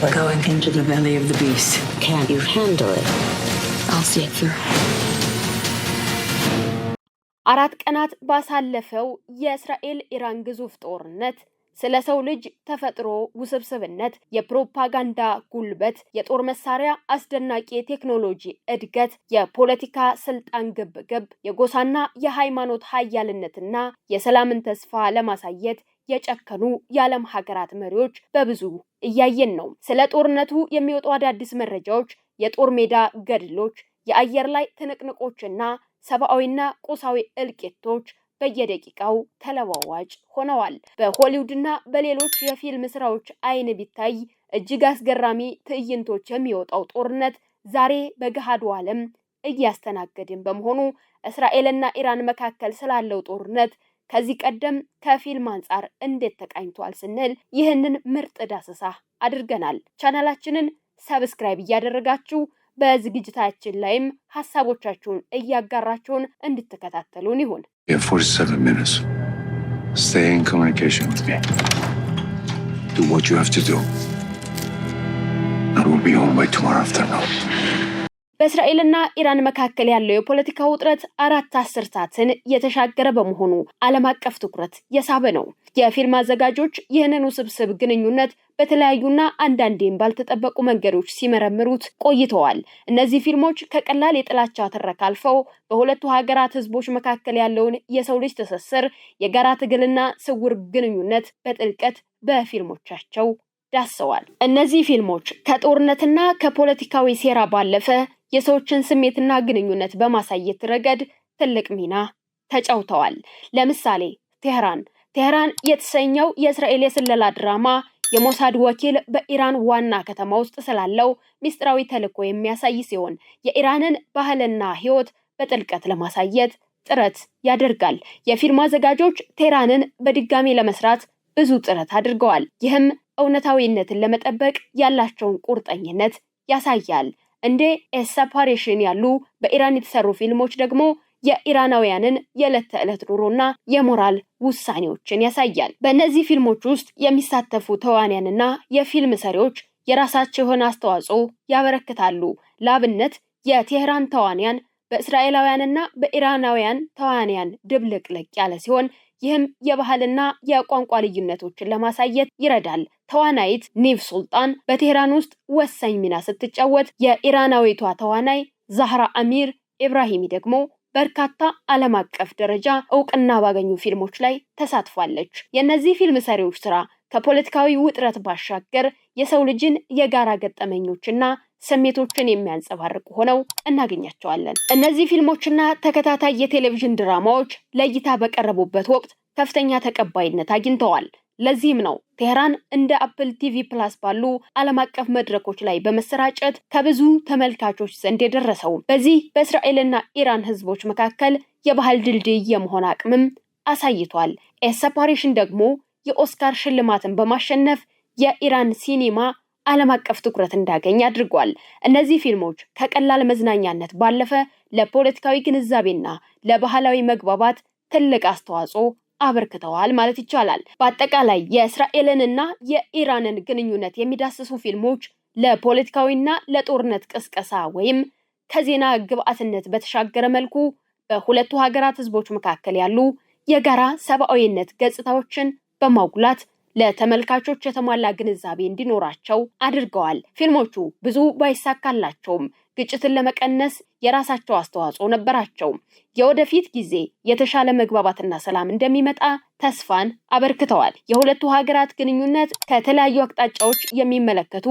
We're going into the belly of the beast. Can you handle it? I'll see it through. አራት ቀናት ባሳለፈው የእስራኤል ኢራን ግዙፍ ጦርነት ስለ ሰው ልጅ ተፈጥሮ ውስብስብነት፣ የፕሮፓጋንዳ ጉልበት፣ የጦር መሳሪያ አስደናቂ ቴክኖሎጂ እድገት፣ የፖለቲካ ስልጣን ግብግብ፣ የጎሳና የሃይማኖት ሀያልነትና የሰላምን ተስፋ ለማሳየት የጨከኑ የዓለም ሀገራት መሪዎች በብዙ እያየን ነው። ስለ ጦርነቱ የሚወጡ አዳዲስ መረጃዎች፣ የጦር ሜዳ ገድሎች፣ የአየር ላይ ትንቅንቆችና ሰብአዊና ቁሳዊ እልቂቶች በየደቂቃው ተለዋዋጭ ሆነዋል። በሆሊውድና በሌሎች የፊልም ስራዎች አይን ቢታይ እጅግ አስገራሚ ትዕይንቶች የሚወጣው ጦርነት ዛሬ በገሃዱ ዓለም እያስተናገድን በመሆኑ እስራኤልና ኢራን መካከል ስላለው ጦርነት ከዚህ ቀደም ከፊልም አንጻር እንዴት ተቃኝቷል ስንል ይህንን ምርጥ ዳሰሳ አድርገናል። ቻናላችንን ሰብስክራይብ እያደረጋችሁ በዝግጅታችን ላይም ሀሳቦቻችሁን እያጋራችሁን እንድትከታተሉን ይሁን። Do what you have to do. I will be home by tomorrow afternoon. በእስራኤልና ኢራን መካከል ያለው የፖለቲካ ውጥረት አራት አስርታትን የተሻገረ በመሆኑ ዓለም አቀፍ ትኩረት የሳበ ነው። የፊልም አዘጋጆች ይህንን ውስብስብ ግንኙነት በተለያዩና አንዳንዴም ባልተጠበቁ መንገዶች ሲመረምሩት ቆይተዋል። እነዚህ ፊልሞች ከቀላል የጥላቻ ትረካ አልፈው በሁለቱ ሀገራት ህዝቦች መካከል ያለውን የሰው ልጅ ትስስር፣ የጋራ ትግልና ስውር ግንኙነት በጥልቀት በፊልሞቻቸው ዳሰዋል። እነዚህ ፊልሞች ከጦርነትና ከፖለቲካዊ ሴራ ባለፈ የሰዎችን ስሜትና ግንኙነት በማሳየት ረገድ ትልቅ ሚና ተጫውተዋል። ለምሳሌ ቴህራን ቴህራን የተሰኘው የእስራኤል የስለላ ድራማ የሞሳድ ወኪል በኢራን ዋና ከተማ ውስጥ ስላለው ሚስጥራዊ ተልዕኮ የሚያሳይ ሲሆን የኢራንን ባህልና ሕይወት በጥልቀት ለማሳየት ጥረት ያደርጋል። የፊልም አዘጋጆች ቴህራንን በድጋሚ ለመስራት ብዙ ጥረት አድርገዋል። ይህም እውነታዊነትን ለመጠበቅ ያላቸውን ቁርጠኝነት ያሳያል። እንደ ኤሰፓሬሽን ያሉ በኢራን የተሰሩ ፊልሞች ደግሞ የኢራናውያንን የዕለት ተዕለት ኑሮና የሞራል ውሳኔዎችን ያሳያል። በእነዚህ ፊልሞች ውስጥ የሚሳተፉ ተዋንያንና የፊልም ሰሪዎች የራሳቸው የሆነ አስተዋጽኦ ያበረክታሉ። ለአብነት የቴህራን ተዋንያን በእስራኤላውያንና በኢራናውያን ተዋንያን ድብልቅልቅ ያለ ሲሆን ይህም የባህልና የቋንቋ ልዩነቶችን ለማሳየት ይረዳል። ተዋናይት ኒቭ ሱልጣን በቴህራን ውስጥ ወሳኝ ሚና ስትጫወት፣ የኢራናዊቷ ተዋናይ ዛህራ አሚር ኢብራሂሚ ደግሞ በርካታ ዓለም አቀፍ ደረጃ እውቅና ባገኙ ፊልሞች ላይ ተሳትፏለች። የእነዚህ ፊልም ሰሪዎች ስራ ከፖለቲካዊ ውጥረት ባሻገር የሰው ልጅን የጋራ ገጠመኞችና ስሜቶችን የሚያንጸባርቁ ሆነው እናገኛቸዋለን። እነዚህ ፊልሞችና ተከታታይ የቴሌቪዥን ድራማዎች ለእይታ በቀረቡበት ወቅት ከፍተኛ ተቀባይነት አግኝተዋል። ለዚህም ነው ቴህራን እንደ አፕል ቲቪ ፕላስ ባሉ ዓለም አቀፍ መድረኮች ላይ በመሰራጨት ከብዙ ተመልካቾች ዘንድ የደረሰው። በዚህ በእስራኤልና ኢራን ህዝቦች መካከል የባህል ድልድይ የመሆን አቅምም አሳይቷል። ኤ ሰፓሬሽን ደግሞ የኦስካር ሽልማትን በማሸነፍ የኢራን ሲኒማ ዓለም አቀፍ ትኩረት እንዳገኝ አድርጓል። እነዚህ ፊልሞች ከቀላል መዝናኛነት ባለፈ ለፖለቲካዊ ግንዛቤና ለባህላዊ መግባባት ትልቅ አስተዋጽኦ አበርክተዋል ማለት ይቻላል። በአጠቃላይ የእስራኤልንና የኢራንን ግንኙነት የሚዳስሱ ፊልሞች ለፖለቲካዊና ለጦርነት ቅስቀሳ ወይም ከዜና ግብአትነት በተሻገረ መልኩ በሁለቱ ሀገራት ህዝቦች መካከል ያሉ የጋራ ሰብአዊነት ገጽታዎችን በማጉላት ለተመልካቾች የተሟላ ግንዛቤ እንዲኖራቸው አድርገዋል። ፊልሞቹ ብዙ ባይሳካላቸውም ግጭትን ለመቀነስ የራሳቸው አስተዋጽኦ ነበራቸው። የወደፊት ጊዜ የተሻለ መግባባትና ሰላም እንደሚመጣ ተስፋን አበርክተዋል። የሁለቱ ሀገራት ግንኙነት ከተለያዩ አቅጣጫዎች የሚመለከቱ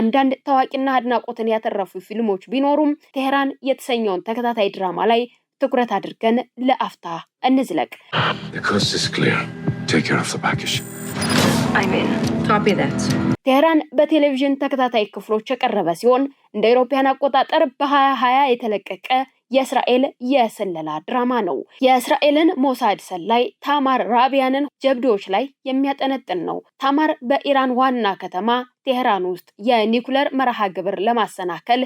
አንዳንድ ታዋቂና አድናቆትን ያተረፉ ፊልሞች ቢኖሩም ቴሄራን የተሰኘውን ተከታታይ ድራማ ላይ ትኩረት አድርገን ለአፍታ እንዝለቅ። ቴህራን በቴሌቪዥን ተከታታይ ክፍሎች የቀረበ ሲሆን እንደ አውሮፓውያን አቆጣጠር በ2020 የተለቀቀ የእስራኤል የስለላ ድራማ ነው። የእስራኤልን ሞሳድ ሰላይ ታማር ራቢያንን ጀብዶዎች ላይ የሚያጠነጥን ነው። ታማር በኢራን ዋና ከተማ ቴህራን ውስጥ የኒኩለር መርሃ ግብር ለማሰናከል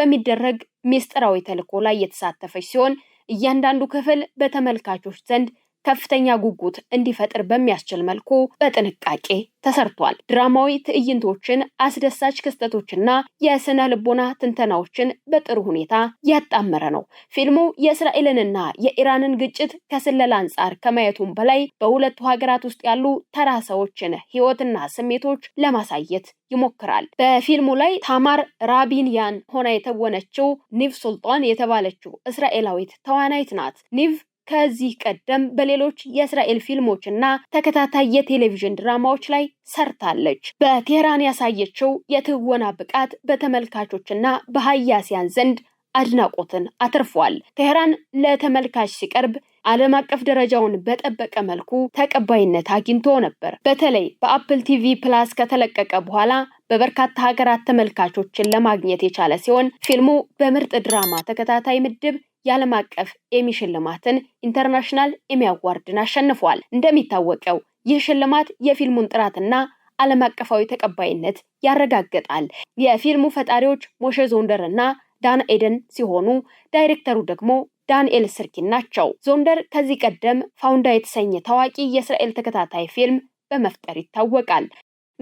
በሚደረግ ሚስጥራዊ ተልዕኮ ላይ የተሳተፈች ሲሆን እያንዳንዱ ክፍል በተመልካቾች ዘንድ ከፍተኛ ጉጉት እንዲፈጥር በሚያስችል መልኩ በጥንቃቄ ተሰርቷል። ድራማዊ ትዕይንቶችን፣ አስደሳች ክስተቶችና የስነ ልቦና ትንተናዎችን በጥሩ ሁኔታ ያጣመረ ነው። ፊልሙ የእስራኤልንና የኢራንን ግጭት ከስለላ አንጻር ከማየቱም በላይ በሁለቱ ሀገራት ውስጥ ያሉ ተራ ሰዎችን ሕይወትና ስሜቶች ለማሳየት ይሞክራል። በፊልሙ ላይ ታማር ራቢንያን ሆና የተወነችው ኒቭ ሱልጣን የተባለችው እስራኤላዊት ተዋናይት ናት። ኒቭ ከዚህ ቀደም በሌሎች የእስራኤል ፊልሞች እና ተከታታይ የቴሌቪዥን ድራማዎች ላይ ሰርታለች። በቴህራን ያሳየችው የትወና ብቃት በተመልካቾችና በሀያሲያን ዘንድ አድናቆትን አትርፏል። ቴህራን ለተመልካች ሲቀርብ ዓለም አቀፍ ደረጃውን በጠበቀ መልኩ ተቀባይነት አግኝቶ ነበር። በተለይ በአፕል ቲቪ ፕላስ ከተለቀቀ በኋላ በበርካታ ሀገራት ተመልካቾችን ለማግኘት የቻለ ሲሆን ፊልሙ በምርጥ ድራማ ተከታታይ ምድብ የዓለም አቀፍ ኤሚ ሽልማትን ኢንተርናሽናል ኤሚ አዋርድን አሸንፏል። እንደሚታወቀው ይህ ሽልማት የፊልሙን ጥራትና ዓለም አቀፋዊ ተቀባይነት ያረጋግጣል። የፊልሙ ፈጣሪዎች ሞሼ ዞንደር እና ዳን ኤደን ሲሆኑ ዳይሬክተሩ ደግሞ ዳንኤል ስርኪን ናቸው። ዞንደር ከዚህ ቀደም ፋውንዳ የተሰኘ ታዋቂ የእስራኤል ተከታታይ ፊልም በመፍጠር ይታወቃል።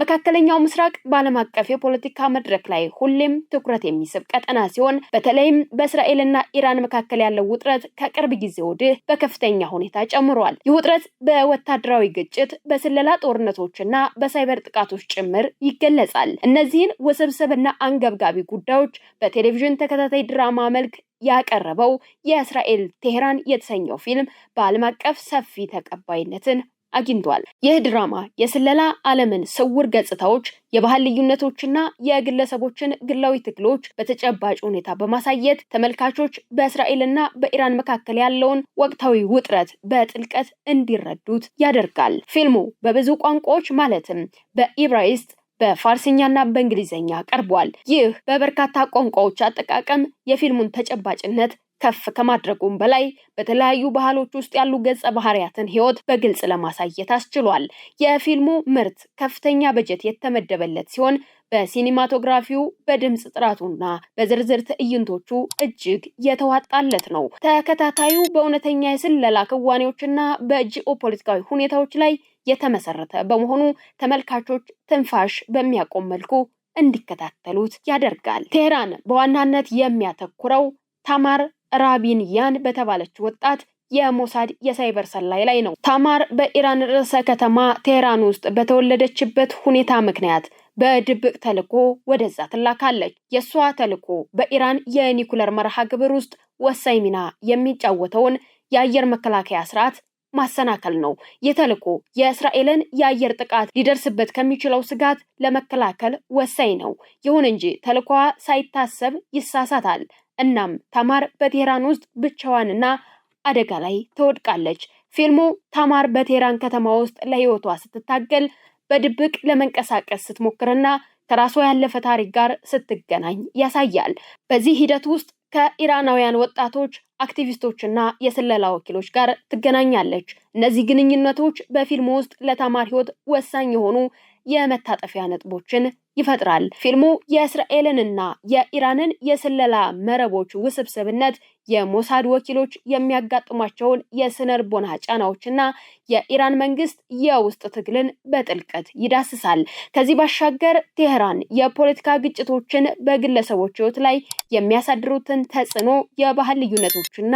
መካከለኛው ምስራቅ በዓለም አቀፍ የፖለቲካ መድረክ ላይ ሁሌም ትኩረት የሚስብ ቀጠና ሲሆን በተለይም በእስራኤልና ኢራን መካከል ያለው ውጥረት ከቅርብ ጊዜ ወዲህ በከፍተኛ ሁኔታ ጨምሯል። ይህ ውጥረት በወታደራዊ ግጭት፣ በስለላ ጦርነቶችና በሳይበር ጥቃቶች ጭምር ይገለጻል። እነዚህን ውስብስብና አንገብጋቢ ጉዳዮች በቴሌቪዥን ተከታታይ ድራማ መልክ ያቀረበው የእስራኤል ቴሄራን የተሰኘው ፊልም በዓለም አቀፍ ሰፊ ተቀባይነትን አግኝቷል። ይህ ድራማ የስለላ ዓለምን ስውር ገጽታዎች፣ የባህል ልዩነቶችና የግለሰቦችን ግላዊ ትግሎች በተጨባጭ ሁኔታ በማሳየት ተመልካቾች በእስራኤልና በኢራን መካከል ያለውን ወቅታዊ ውጥረት በጥልቀት እንዲረዱት ያደርጋል። ፊልሙ በብዙ ቋንቋዎች ማለትም በኢብራይስጥ በፋርሲኛና በእንግሊዝኛ ቀርቧል። ይህ በበርካታ ቋንቋዎች አጠቃቀም የፊልሙን ተጨባጭነት ከፍ ከማድረጉም በላይ በተለያዩ ባህሎች ውስጥ ያሉ ገጸ ባህሪያትን ህይወት በግልጽ ለማሳየት አስችሏል። የፊልሙ ምርት ከፍተኛ በጀት የተመደበለት ሲሆን በሲኒማቶግራፊው በድምፅ ጥራቱና በዝርዝር ትዕይንቶቹ እጅግ የተዋጣለት ነው። ተከታታዩ በእውነተኛ የስለላ ክዋኔዎችና በጂኦ ፖለቲካዊ ሁኔታዎች ላይ የተመሰረተ በመሆኑ ተመልካቾች ትንፋሽ በሚያቆም መልኩ እንዲከታተሉት ያደርጋል። ቴህራን በዋናነት የሚያተኩረው ታማር ራቢንያን በተባለች ወጣት የሞሳድ የሳይበር ሰላይ ላይ ነው። ታማር በኢራን ርዕሰ ከተማ ቴህራን ውስጥ በተወለደችበት ሁኔታ ምክንያት በድብቅ ተልኮ ወደዛ ትላካለች። የእሷ ተልኮ በኢራን የኒኩለር መርሃ ግብር ውስጥ ወሳኝ ሚና የሚጫወተውን የአየር መከላከያ ስርዓት ማሰናከል ነው። የተልዕኮ የእስራኤልን የአየር ጥቃት ሊደርስበት ከሚችለው ስጋት ለመከላከል ወሳኝ ነው። ይሁን እንጂ ተልዕኮዋ ሳይታሰብ ይሳሳታል። እናም ታማር በቴህራን ውስጥ ብቻዋንና አደጋ ላይ ትወድቃለች። ፊልሙ ታማር በቴህራን ከተማ ውስጥ ለህይወቷ ስትታገል፣ በድብቅ ለመንቀሳቀስ ስትሞክርና ከራሷ ያለፈ ታሪክ ጋር ስትገናኝ ያሳያል። በዚህ ሂደት ውስጥ ከኢራናውያን ወጣቶች አክቲቪስቶችና የስለላ ወኪሎች ጋር ትገናኛለች። እነዚህ ግንኙነቶች በፊልም ውስጥ ለተማሪ ህይወት ወሳኝ የሆኑ የመታጠፊያ ነጥቦችን ይፈጥራል። ፊልሙ የእስራኤልንና የኢራንን የስለላ መረቦች ውስብስብነት፣ የሞሳድ ወኪሎች የሚያጋጥሟቸውን የስነ ልቦና ጫናዎችና የኢራን መንግስት የውስጥ ትግልን በጥልቀት ይዳስሳል። ከዚህ ባሻገር ቴህራን የፖለቲካ ግጭቶችን በግለሰቦች ህይወት ላይ የሚያሳድሩትን ተጽዕኖ፣ የባህል ልዩነቶችና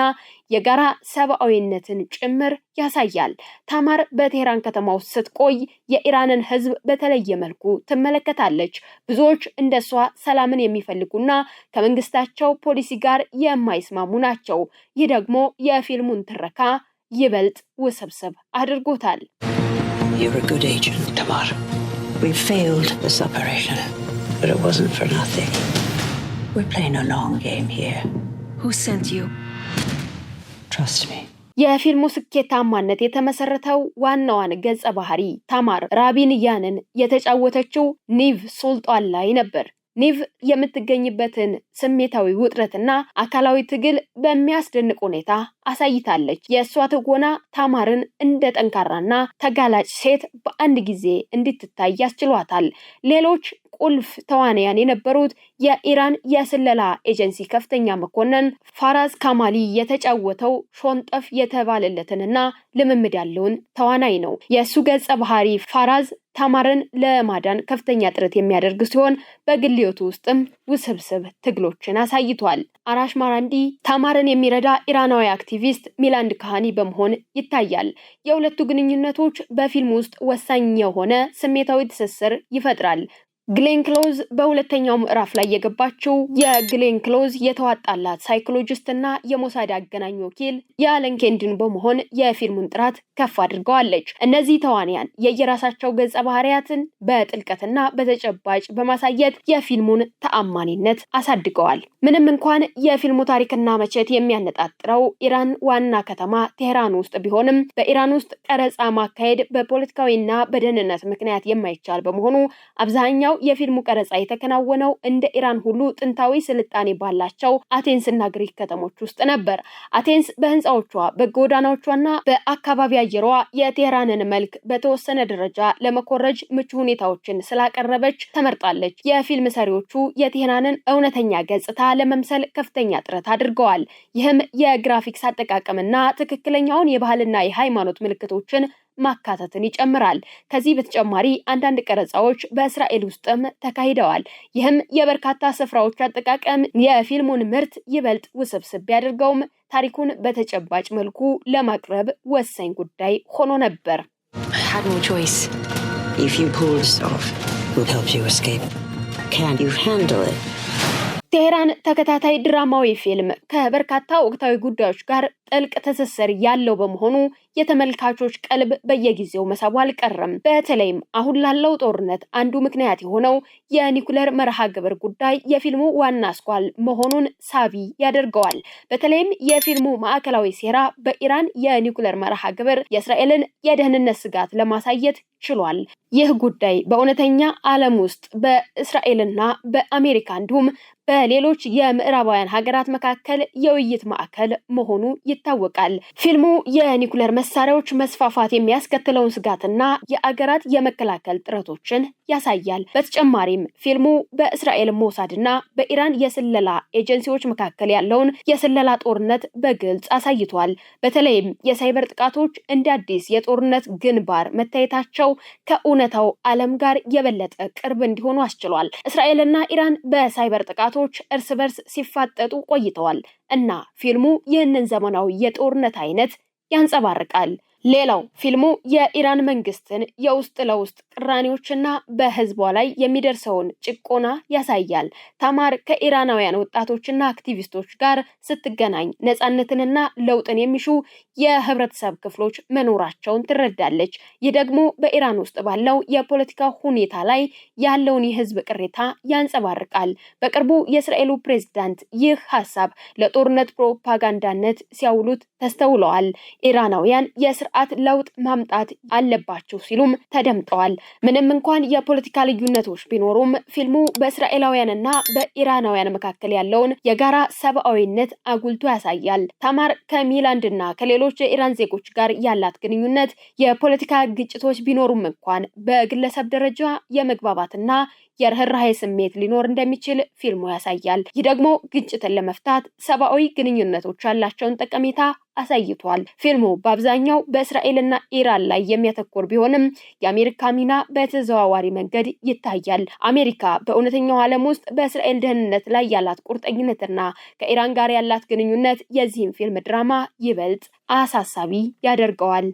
የጋራ ሰብአዊነትን ጭምር ያሳያል። ታማር በቴህራን ከተማ ውስጥ ስትቆይ የኢራንን ህዝብ በተለየ መልኩ ትመለከታለች። ትገኛለች። ብዙዎች እንደሷ ሰላምን የሚፈልጉና ከመንግስታቸው ፖሊሲ ጋር የማይስማሙ ናቸው። ይህ ደግሞ የፊልሙን ትረካ ይበልጥ ውስብስብ አድርጎታል። Trust me. የፊልሙ ስኬታማነት የተመሰረተው ዋናዋን ገጸ ባህሪ ታማር ራቢንያንን የተጫወተችው ኒቭ ሱልጣን ላይ ነበር። ኒቭ የምትገኝበትን ስሜታዊ ውጥረትና አካላዊ ትግል በሚያስደንቅ ሁኔታ አሳይታለች። የእሷ ትወና ታማርን እንደ ጠንካራና ተጋላጭ ሴት በአንድ ጊዜ እንድትታይ ያስችሏታል። ሌሎች ቁልፍ ተዋንያን የነበሩት የኢራን የስለላ ኤጀንሲ ከፍተኛ መኮንን ፋራዝ ካማሊ የተጫወተው ሾንጠፍ የተባለለትንና ልምምድ ያለውን ተዋናይ ነው። የእሱ ገጸ ባህሪ ፋራዝ ታማርን ለማዳን ከፍተኛ ጥረት የሚያደርግ ሲሆን በግል ሕይወቱ ውስጥም ውስብስብ ትግሎችን አሳይቷል። አራሽ ማራንዲ ታማርን የሚረዳ ኢራናዊ አክቲቪስት ሚላንድ ካሃኒ በመሆን ይታያል። የሁለቱ ግንኙነቶች በፊልም ውስጥ ወሳኝ የሆነ ስሜታዊ ትስስር ይፈጥራል። ግሌን ክሎዝ በሁለተኛው ምዕራፍ ላይ የገባችው የግሌን ክሎዝ የተዋጣላት ሳይኮሎጂስት እና የሞሳድ አገናኝ ወኪል የአለን ኬንድን በመሆን የፊልሙን ጥራት ከፍ አድርገዋለች። እነዚህ ተዋንያን የየራሳቸው ገጸ ባህሪያትን በጥልቀትና በተጨባጭ በማሳየት የፊልሙን ተአማኒነት አሳድገዋል። ምንም እንኳን የፊልሙ ታሪክና መቼት የሚያነጣጥረው ኢራን ዋና ከተማ ቴህራን ውስጥ ቢሆንም በኢራን ውስጥ ቀረጻ ማካሄድ በፖለቲካዊና በደህንነት ምክንያት የማይቻል በመሆኑ አብዛኛው ሌላው የፊልሙ ቀረጻ የተከናወነው እንደ ኢራን ሁሉ ጥንታዊ ስልጣኔ ባላቸው አቴንስ እና ግሪክ ከተሞች ውስጥ ነበር። አቴንስ በህንፃዎቿ፣ በጎዳናዎቿና በአካባቢ አየሯ የቴህራንን መልክ በተወሰነ ደረጃ ለመኮረጅ ምቹ ሁኔታዎችን ስላቀረበች ተመርጣለች። የፊልም ሰሪዎቹ የቴህራንን እውነተኛ ገጽታ ለመምሰል ከፍተኛ ጥረት አድርገዋል። ይህም የግራፊክስ አጠቃቀምና ትክክለኛውን የባህልና የሃይማኖት ምልክቶችን ማካተትን ይጨምራል። ከዚህ በተጨማሪ አንዳንድ ቀረጻዎች በእስራኤል ውስጥም ተካሂደዋል። ይህም የበርካታ ስፍራዎች አጠቃቀም የፊልሙን ምርት ይበልጥ ውስብስብ ቢያደርገውም ታሪኩን በተጨባጭ መልኩ ለማቅረብ ወሳኝ ጉዳይ ሆኖ ነበር። ቴሄራን ተከታታይ ድራማዊ ፊልም ከበርካታ ወቅታዊ ጉዳዮች ጋር ጥልቅ ትስስር ያለው በመሆኑ የተመልካቾች ቀልብ በየጊዜው መሳቡ አልቀረም። በተለይም አሁን ላለው ጦርነት አንዱ ምክንያት የሆነው የኒኩለር መርሃ ግብር ጉዳይ የፊልሙ ዋና አስኳል መሆኑን ሳቢ ያደርገዋል። በተለይም የፊልሙ ማዕከላዊ ሴራ በኢራን የኒኩለር መርሃ ግብር የእስራኤልን የደህንነት ስጋት ለማሳየት ችሏል። ይህ ጉዳይ በእውነተኛ ዓለም ውስጥ በእስራኤልና በአሜሪካ እንዲሁም በሌሎች የምዕራባውያን ሀገራት መካከል የውይይት ማዕከል መሆኑ ይታወቃል። ፊልሙ የኒኩለር መሳሪያዎች መስፋፋት የሚያስከትለውን ስጋትና የአገራት የመከላከል ጥረቶችን ያሳያል። በተጨማሪም ፊልሙ በእስራኤል ሞሳድ እና በኢራን የስለላ ኤጀንሲዎች መካከል ያለውን የስለላ ጦርነት በግልጽ አሳይቷል። በተለይም የሳይበር ጥቃቶች እንደ አዲስ የጦርነት ግንባር መታየታቸው ከእውነታው ዓለም ጋር የበለጠ ቅርብ እንዲሆኑ አስችሏል። እስራኤልና ኢራን በሳይበር ጥቃቶች እርስ በርስ ሲፋጠጡ ቆይተዋል እና ፊልሙ ይህንን ዘመናዊ የጦርነት አይነት ያንጸባርቃል። ሌላው ፊልሙ የኢራን መንግስትን የውስጥ ለውስጥ ቅራኔዎችና በህዝቧ ላይ የሚደርሰውን ጭቆና ያሳያል። ታማር ከኢራናውያን ወጣቶችና አክቲቪስቶች ጋር ስትገናኝ ነፃነትንና ለውጥን የሚሹ የህብረተሰብ ክፍሎች መኖራቸውን ትረዳለች። ይህ ደግሞ በኢራን ውስጥ ባለው የፖለቲካ ሁኔታ ላይ ያለውን የህዝብ ቅሬታ ያንጸባርቃል። በቅርቡ የእስራኤሉ ፕሬዝዳንት ይህ ሀሳብ ለጦርነት ፕሮፓጋንዳነት ሲያውሉት ተስተውለዋል። ኢራናውያን የስር ስርዓት ለውጥ ማምጣት አለባቸው ሲሉም ተደምጠዋል። ምንም እንኳን የፖለቲካ ልዩነቶች ቢኖሩም ፊልሙ በእስራኤላውያንና በኢራናውያን መካከል ያለውን የጋራ ሰብአዊነት አጉልቶ ያሳያል። ታማር ከሚላንድና ከሌሎች የኢራን ዜጎች ጋር ያላት ግንኙነት የፖለቲካ ግጭቶች ቢኖሩም እንኳን በግለሰብ ደረጃ የመግባባትና የርህራሄ ስሜት ሊኖር እንደሚችል ፊልሙ ያሳያል። ይህ ደግሞ ግጭትን ለመፍታት ሰብአዊ ግንኙነቶች ያላቸውን ጠቀሜታ አሳይቷል። ፊልሙ በአብዛኛው በእስራኤልና ኢራን ላይ የሚያተኩር ቢሆንም የአሜሪካ ሚና በተዘዋዋሪ መንገድ ይታያል። አሜሪካ በእውነተኛው ዓለም ውስጥ በእስራኤል ደህንነት ላይ ያላት ቁርጠኝነትና ከኢራን ጋር ያላት ግንኙነት የዚህም ፊልም ድራማ ይበልጥ አሳሳቢ ያደርገዋል።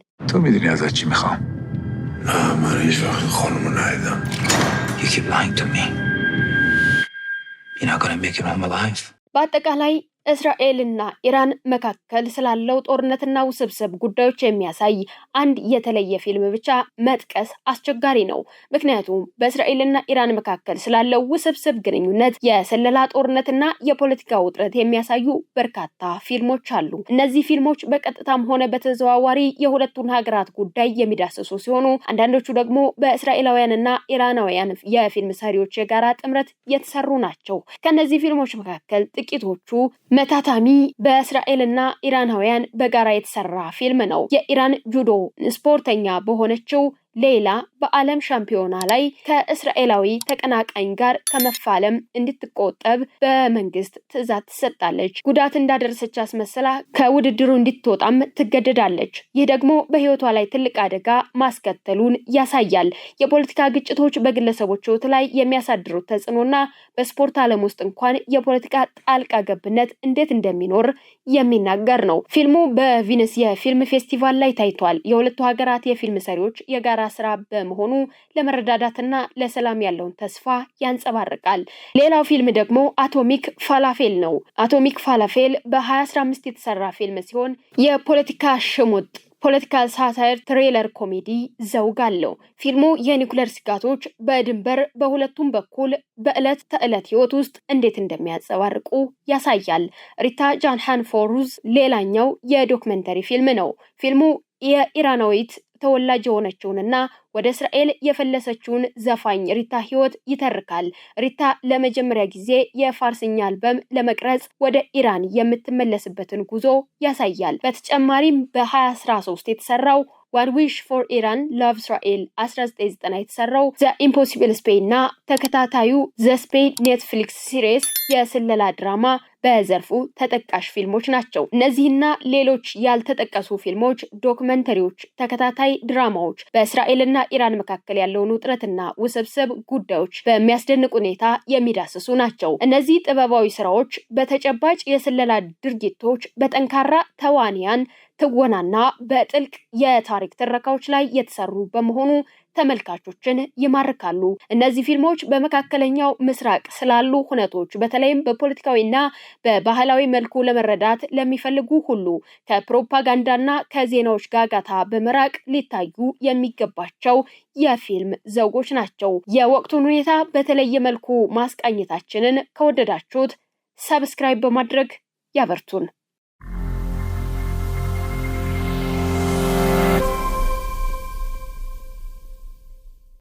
You keep lying to me. You're not gonna make it home alive. በአጠቃላይ እስራኤልና ኢራን መካከል ስላለው ጦርነትና ውስብስብ ጉዳዮች የሚያሳይ አንድ የተለየ ፊልም ብቻ መጥቀስ አስቸጋሪ ነው። ምክንያቱም በእስራኤልና ኢራን መካከል ስላለው ውስብስብ ግንኙነት፣ የስለላ ጦርነትና የፖለቲካ ውጥረት የሚያሳዩ በርካታ ፊልሞች አሉ። እነዚህ ፊልሞች በቀጥታም ሆነ በተዘዋዋሪ የሁለቱን ሀገራት ጉዳይ የሚዳስሱ ሲሆኑ አንዳንዶቹ ደግሞ በእስራኤላውያንና ኢራናውያን የፊልም ሰሪዎች የጋራ ጥምረት የተሰሩ ናቸው። ከእነዚህ ፊልሞች መካከል ጥቂቶቹ መታታሚ በእስራኤልና ኢራናውያን በጋራ የተሰራ ፊልም ነው። የኢራን ጁዶ ስፖርተኛ በሆነችው ሌላ በዓለም ሻምፒዮና ላይ ከእስራኤላዊ ተቀናቃኝ ጋር ከመፋለም እንድትቆጠብ በመንግስት ትዕዛዝ ትሰጣለች። ጉዳት እንዳደረሰች አስመሰላ ከውድድሩ እንድትወጣም ትገደዳለች። ይህ ደግሞ በህይወቷ ላይ ትልቅ አደጋ ማስከተሉን ያሳያል። የፖለቲካ ግጭቶች በግለሰቦች ህይወት ላይ የሚያሳድሩት ተጽዕኖና በስፖርት ዓለም ውስጥ እንኳን የፖለቲካ ጣልቃ ገብነት እንዴት እንደሚኖር የሚናገር ነው። ፊልሙ በቪነስ የፊልም ፌስቲቫል ላይ ታይቷል። የሁለቱ ሀገራት የፊልም ሰሪዎች የጋራ ስራ በመሆኑ ለመረዳዳትና ለሰላም ያለውን ተስፋ ያንጸባርቃል። ሌላው ፊልም ደግሞ አቶሚክ ፋላፌል ነው። አቶሚክ ፋላፌል በ2015 የተሰራ ፊልም ሲሆን የፖለቲካ ሽሙጥ ፖለቲካል ሳታይር ትሬለር ኮሜዲ ዘውግ አለው። ፊልሙ የኒኩለር ስጋቶች በድንበር በሁለቱም በኩል በዕለት ተዕለት ህይወት ውስጥ እንዴት እንደሚያንጸባርቁ ያሳያል። ሪታ ጃንሃን ፎሩዝ ሌላኛው የዶክመንተሪ ፊልም ነው። ፊልሙ የኢራናዊት ተወላጅ የሆነችውንና ወደ እስራኤል የፈለሰችውን ዘፋኝ ሪታ ህይወት ይተርካል። ሪታ ለመጀመሪያ ጊዜ የፋርስኛ አልበም ለመቅረጽ ወደ ኢራን የምትመለስበትን ጉዞ ያሳያል። በተጨማሪም በ2013 የተሰራው ዋን ዊሽ ፎር ኢራን ላቭ እስራኤል 1990 የተሰራው ዘ ኢምፖሲብል ስፔን እና ተከታታዩ ዘ ስፔን ኔትፍሊክስ ሲሪስ የስለላ ድራማ በዘርፉ ተጠቃሽ ፊልሞች ናቸው። እነዚህና ሌሎች ያልተጠቀሱ ፊልሞች፣ ዶክመንተሪዎች፣ ተከታታይ ድራማዎች በእስራኤልና በኢትዮጵያና ኢራን መካከል ያለውን ውጥረትና ውስብስብ ጉዳዮች በሚያስደንቅ ሁኔታ የሚዳስሱ ናቸው። እነዚህ ጥበባዊ ስራዎች በተጨባጭ የስለላ ድርጊቶች፣ በጠንካራ ተዋንያን፣ ትወናና በጥልቅ የታሪክ ትረካዎች ላይ የተሰሩ በመሆኑ ተመልካቾችን ይማርካሉ። እነዚህ ፊልሞች በመካከለኛው ምስራቅ ስላሉ ሁነቶች በተለይም በፖለቲካዊና በባህላዊ መልኩ ለመረዳት ለሚፈልጉ ሁሉ ከፕሮፓጋንዳና ከዜናዎች ጋጋታ በመራቅ ሊታዩ የሚገባቸው የፊልም ዘውጎች ናቸው። የወቅቱን ሁኔታ በተለየ መልኩ ማስቃኘታችንን ከወደዳችሁት ሰብስክራይብ በማድረግ ያበርቱን።